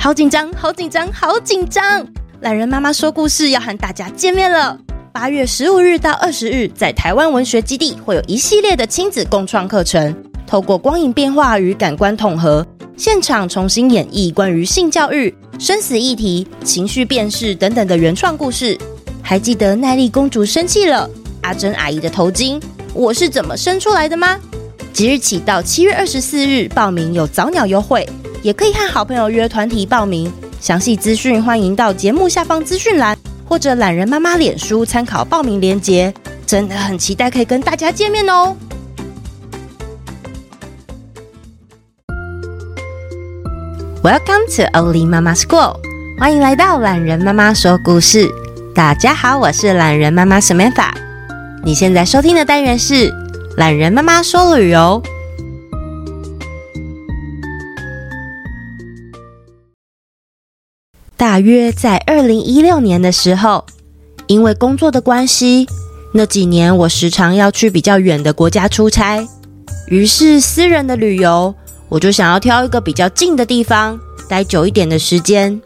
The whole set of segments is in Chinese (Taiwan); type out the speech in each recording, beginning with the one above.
好緊張，好緊張，好緊張！欖仁媽媽說故事要和大家見面了。八月十五日到二十日，在台灣文學基地會有一系列的親子共創課程，透過光影變化與感官統合，現場重新演繹關於性教育、生死議題、情緒辨識等等的原創故事。還記得奈麗公主生氣了，阿珍阿姨的頭巾，我是怎麼生出來的嗎？即日起到七月二十四日報名有早鳥優惠。也可以和好朋友約團體報名，詳細資訊歡迎到節目下方資訊欄，或者欖仁媽媽臉書參考報名連結。真的很期待可以跟大家見面哦！Welcome to Olimama School，歡迎來到欖仁媽媽說故事。大家好，我是欖仁媽媽 Samantha，你現在收聽的單元是欖仁媽媽說旅遊。大約在二零一六年的時候，因為工作的關係，那幾年我時常要去比較遠的國家出差。於是，私人的旅遊我就想要挑一個比較近的地方，待久一點的時間。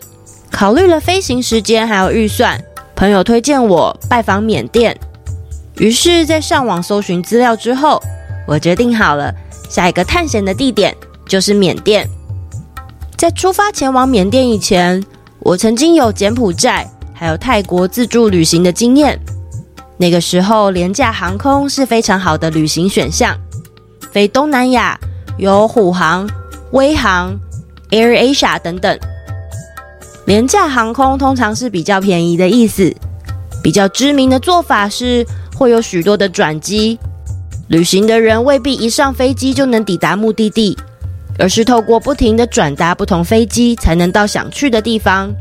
考慮了飛行時間還有預算，朋友推薦我拜訪緬甸。於是，在上網搜尋資料之後，我決定好了下一個探險的地點就是緬甸。在出發前往緬甸以前。我曾經有柬埔寨還有泰國自助旅行的經驗，那個時候廉價航空是非常好的旅行選項。飛東南亞有虎航、威航、AirAsia 等等。廉價航空通常是比較便宜的意思，比較知名的做法是會有許多的轉機，旅行的人未必一上飛機就能抵達目的地。而是透過不停的轉搭不同飛機，才能到想去的地方。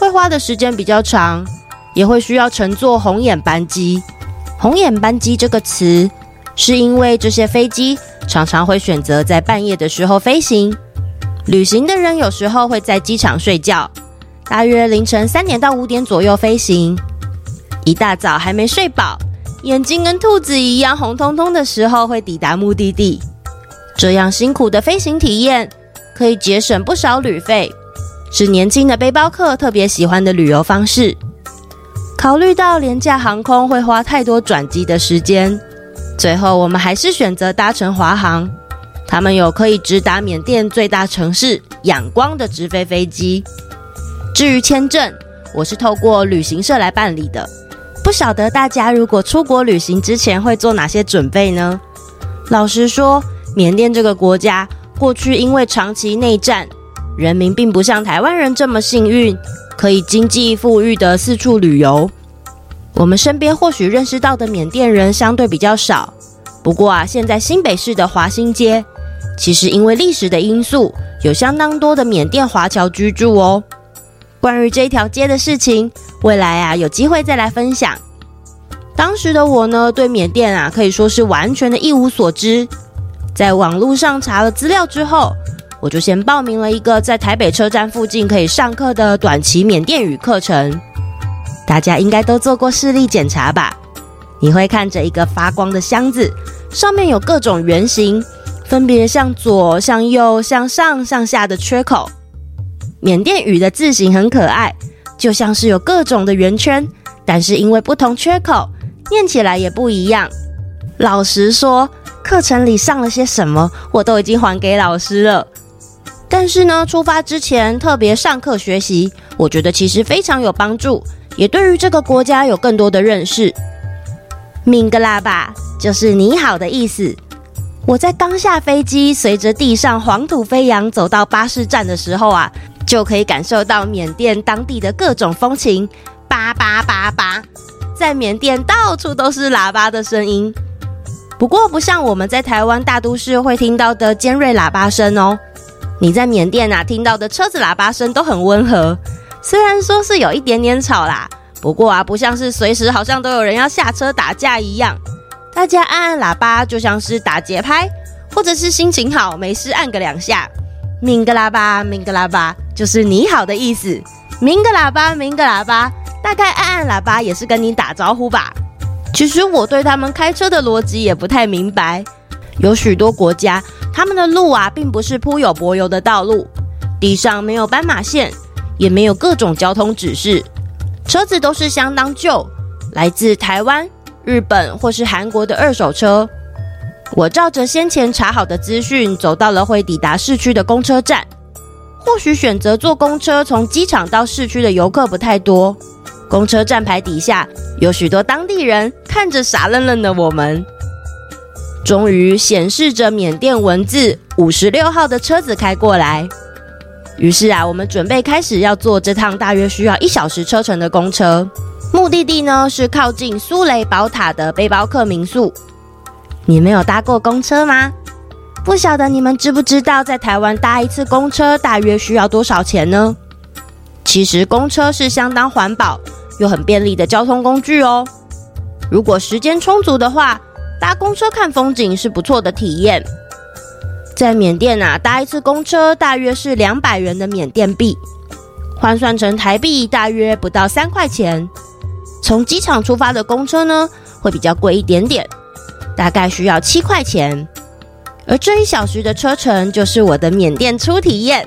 會花的時間比較長，也會需要乘坐紅眼班機。紅眼班機這個詞，是因為這些飛機常常會選擇在半夜的時候飛行。旅行的人有時候會在機場睡覺，大約凌晨三點到五點左右飛行。一大早還沒睡飽，眼睛跟兔子一樣紅彤彤的時候，會抵達目的地。這樣辛苦的飛行體驗，可以節省不少旅費，是年輕的背包客特別喜歡的旅遊方式。考慮到廉價航空會花太多轉機的時間，最後我們還是選擇搭乘華航，他們有可以直達緬甸最大城市仰光的直飛飛機。至於簽證，我是透過旅行社來辦理的。不曉得大家如果出國旅行之前會做哪些準備呢？老實說，緬甸這個國家過去因為長期內戰，人民並不像台灣人這麼幸運，可以經濟富裕地四處旅遊。我們身邊或許認識到的緬甸人相對比較少，不過啊，現在新北市的華新街其實因為歷史的因素，有相當多的緬甸華僑居住哦。關於這一條街的事情，未來啊有機會再來分享。當時的我呢，對緬甸啊可以說是完全的一無所知。在網絡上查了資料之後，我就先報名了一個在台北車站附近可以上課的短期緬甸語課程。大家應該都做過視力檢查吧？你會看着一個發光的箱子，上面有各種圓形，分別向左、向右、向上、向下的缺口。緬甸語的字形很可愛，就像是有各種的圓圈，但是因為不同缺口，念起來也不一樣。老實說，課程裡上了些什麼，我都已經還給老師了。但是呢，出發之前特別上課學習，我覺得其實非常有幫助，也對於這個國家有更多的認識。明格拉巴就是“你好”的意思。我在剛下飛機，隨着地上黃土飛揚走到巴士站的時候啊，就可以感受到緬甸當地的各種風情。叭叭叭叭，在緬甸到處都是喇叭的聲音。不過，不像我們在台灣大都市會聽到的尖銳喇叭聲哦。你在緬甸啊聽到的車子喇叭聲都很溫和，雖然說是有一點點吵啦，不過啊，不像是隨時好像都有人要下車打架一樣。大家按按喇叭就像是打節拍，或者是心情好沒事按個兩下。明個喇叭，明個喇叭，就是你好的意思。明個喇叭，明個喇叭，大概按按喇叭也是跟你打招呼吧。其實我對他們開車的邏輯也不太明白。有許多國家，他們的路啊，並不是鋪有柏油的道路，地上沒有斑馬線，也沒有各種交通指示，車子都是相當舊，來自台灣、日本或是韓國的二手車。我照着先前查好的資訊，走到了會抵達市區的公車站，或許選擇坐公車從機場到市區的遊客不太多。公車站牌底下有許多當地人看着傻愣愣的我們。終於顯示着緬甸文字“五十六號”的車子開過來。於是啊，我們準備開始要坐這趟大約需要一小時車程的公車，目的地呢是靠近蘇雷寶塔的背包客民宿。你們有搭過公車嗎？不曉得你們知不知道在台灣搭一次公車大約需要多少錢呢？其實公車是相當環保又很便利的交通工具哦。如果時間充足的話，搭公車看風景是不錯的體驗。在緬甸啊，搭一次公車大約是兩百元的緬甸幣，換算成台幣大約不到三塊錢。從機場出發的公車呢，會比較貴一點點，大概需要七塊錢。而這一小時的車程就是我的緬甸初體驗，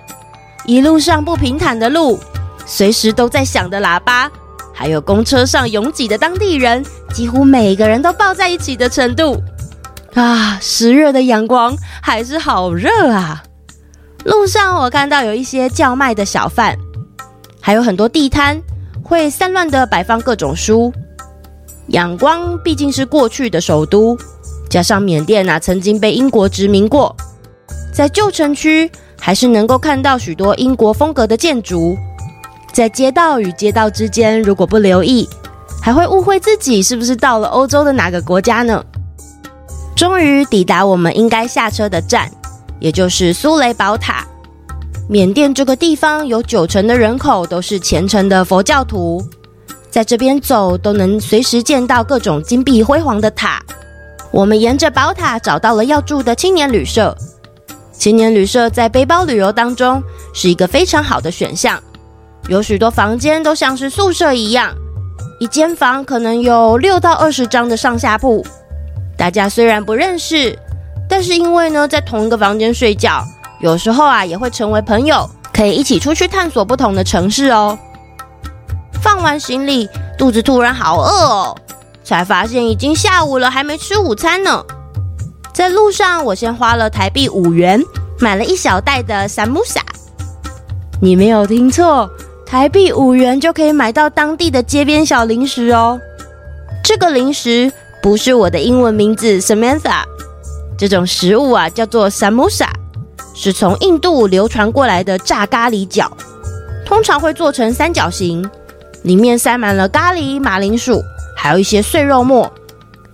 一路上不平坦的路。隨時都在響的喇叭，還有公車上擁擠的當地人，幾乎每個人都抱在一起的程度啊！十月的陽光還是好熱啊。路上我看到有一些叫賣的小販，還有很多地攤會散亂的擺放各種書。仰光畢竟是過去的首都，加上緬甸吶、啊、曾經被英國殖民過，在舊城區還是能夠看到許多英國風格的建築。在街道與街道之間，如果不留意，還會誤會自己是不是到了歐洲的哪個國家呢？終於抵達我們應該下車的站，也就是蘇雷寶塔。緬甸這個地方有九成的人口都是虔誠的佛教徒，在這邊走都能隨時見到各種金碧輝煌的塔。我們沿着寶塔找到了要住的青年旅社，青年旅社在背包旅遊當中是一個非常好的選項。有許多房間都像是宿舍一樣，一間房可能有六到二十張的上下鋪。大家雖然不認識，但是因為呢在同一個房間睡覺，有時候啊也會成為朋友，可以一起出去探索不同的城市哦。放完行李，肚子突然好餓哦，才發現已經下午了，還沒吃午餐呢。在路上，我先花了台幣五元買了一小袋的三木薩。你沒有聽錯。台幣五元就可以買到當地的街邊小零食哦。這個零食不是我的英文名字 Samantha，這種食物啊叫做 Samosa，是從印度流傳過來的炸咖喱餃，通常會做成三角形，裡面塞滿了咖喱、馬鈴薯，還有一些碎肉末，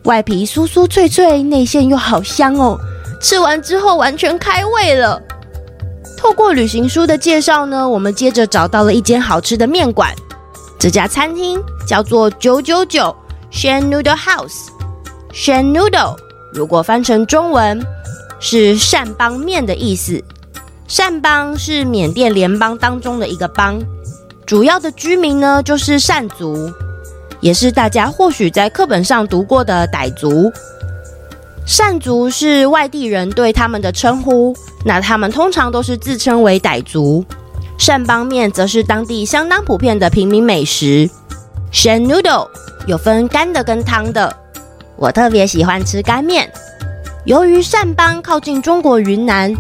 外皮酥酥脆脆，內餡又好香哦，吃完之後完全開胃了。透過旅行書的介紹呢，我們接着找到了一間好吃的麵館。這家餐廳叫做九九九 Shan Noodle House。Shan Noodle 如果翻成中文是“善邦麵”的意思。善邦是緬甸聯邦當中的一個邦，主要的居民呢就是善族，也是大家或許在課本上讀過的傣族。撣族是外地人對他們的稱呼，那他們通常都是自稱為傣族。撣邦麵則是當地相當普遍的平民美食。撣 noodle 有分乾的跟湯的，我特別喜歡吃乾麵。由於撣邦靠近中國雲南，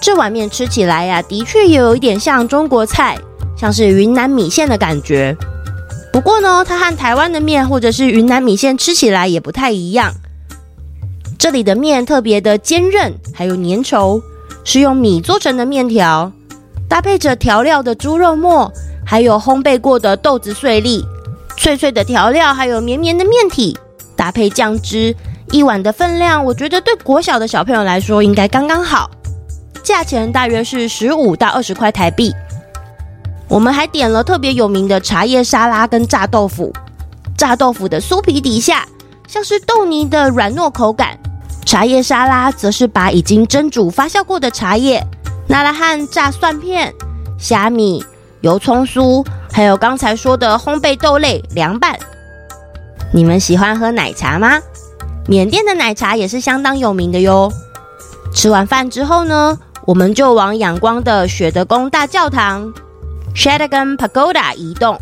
這碗麵吃起來呀、啊，的確也有一點像中國菜，像是雲南米線的感覺。不過呢，它和台灣的麵或者是雲南米線吃起來也不太一樣。這裡的麵特別的堅韌，還有粘稠，是用米做成的麵條，搭配着調料的豬肉末，還有烘焙過的豆子碎粒，脆脆的調料，還有綿綿的麵體，搭配醬汁，一碗的分量，我覺得對國小的小朋友來說應該剛剛好，價錢大約是十五到二十塊台幣。我們還點了特別有名的茶葉沙拉跟炸豆腐，炸豆腐的酥皮底下，像是豆泥的軟糯口感。茶葉沙拉則是把已經蒸煮發酵過的茶葉拿來和炸蒜片、蝦米、油蔥酥，還有剛才說的烘焙豆類涼拌。你們喜歡喝奶茶嗎？緬甸的奶茶也是相當有名的喲。吃完飯之後呢，我們就往仰光的雪德宮大教堂 s h a e d a g a n Pagoda） 移動。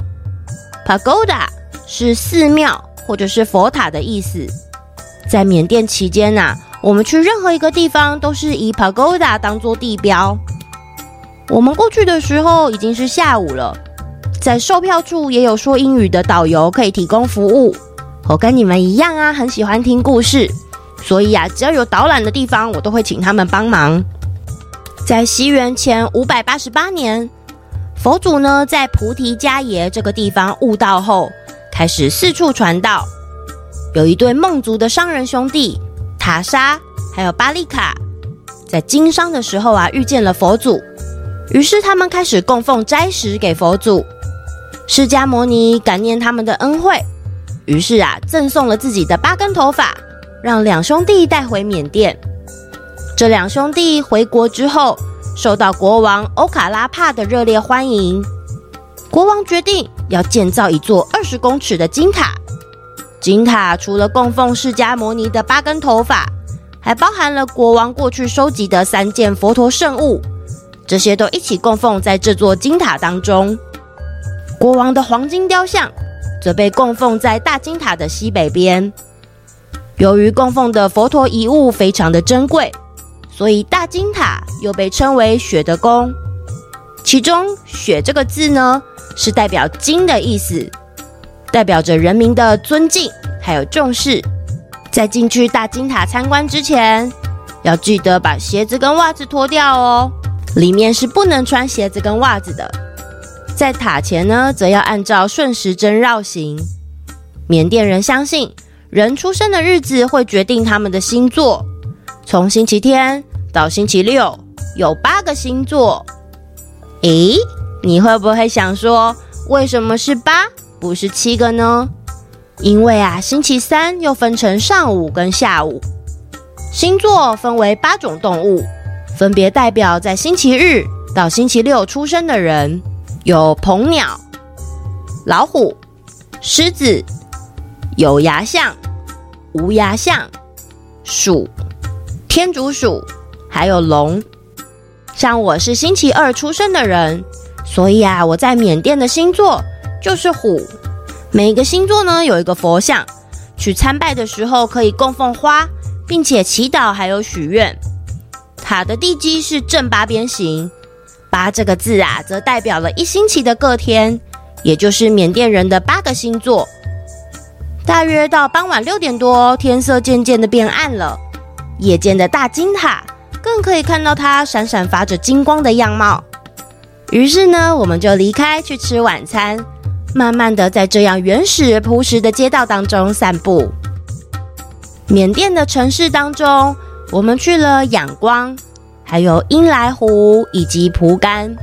Pagoda 是寺廟或者是佛塔的意思。在緬甸期間吶、啊，我們去任何一個地方都是以 pagoda 當做地標。我們過去的時候已經是下午了，在售票處也有說英語的導遊可以提供服務。我跟你們一樣啊，很喜歡聽故事，所以啊，只要有導覽的地方，我都會請他們幫忙。在西元前五百八十八年，佛祖呢在菩提伽耶這個地方悟道後，開始四處傳道。有一對孟族的商人兄弟塔沙還有巴利卡，在經商的時候啊，遇見了佛祖，於是他們開始供奉齋食給佛祖。釋迦牟尼感念他們的恩惠，於是啊，贈送了自己的八根頭髮，讓兩兄弟帶回緬甸。這兩兄弟回國之後，受到國王歐卡拉帕的熱烈歡迎。國王決定要建造一座二十公尺的金塔。金塔除了供奉釋迦牟尼的八根頭髮，還包含了國王過去收集的三件佛陀聖物，這些都一起供奉在這座金塔當中。國王的黃金雕像則被供奉在大金塔的西北邊。由於供奉的佛陀遺物非常的珍貴，所以大金塔又被稱為“雪的宮”。其中“雪”這個字呢，是代表金的意思。代表着人民的尊敬還有重視，在進去大金塔參觀之前，要記得把鞋子跟襪子脫掉哦，裡面是不能穿鞋子跟襪子的。在塔前呢，則要按照順時針繞行。緬甸人相信，人出生的日子會決定他們的星座，從星期天到星期六有八個星座。誒，你會不會想說，為什麼是八？不是七個呢？因為啊，星期三又分成上午跟下午。星座分為八種動物，分別代表在星期日到星期六出生的人，有鵬鳥、老虎、獅子、有牙象、無牙象、鼠、天竺鼠，還有龍。像我是星期二出生的人，所以啊，我在緬甸的星座。就是虎，每一個星座呢，有一個佛像，去參拜的時候可以供奉花，並且祈禱還有許願。塔的地基是正八邊形，八這個字啊，則代表了一星期的各天，也就是緬甸人的八個星座。大約到傍晚六點多，天色漸漸的變暗了，夜間的大金塔更可以看到它閃閃發着金光的樣貌。於是呢，我們就離開去吃晚餐。慢慢的在這樣原始樸實的街道當中散步。緬甸的城市當中，我們去了仰光，還有茵萊湖以及蒲甘。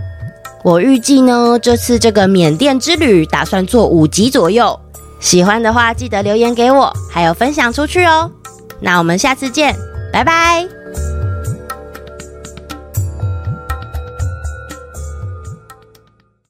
我預計呢，這次這個緬甸之旅打算做五集左右。喜歡的話記得留言給我，還有分享出去哦。那我們下次見，拜拜。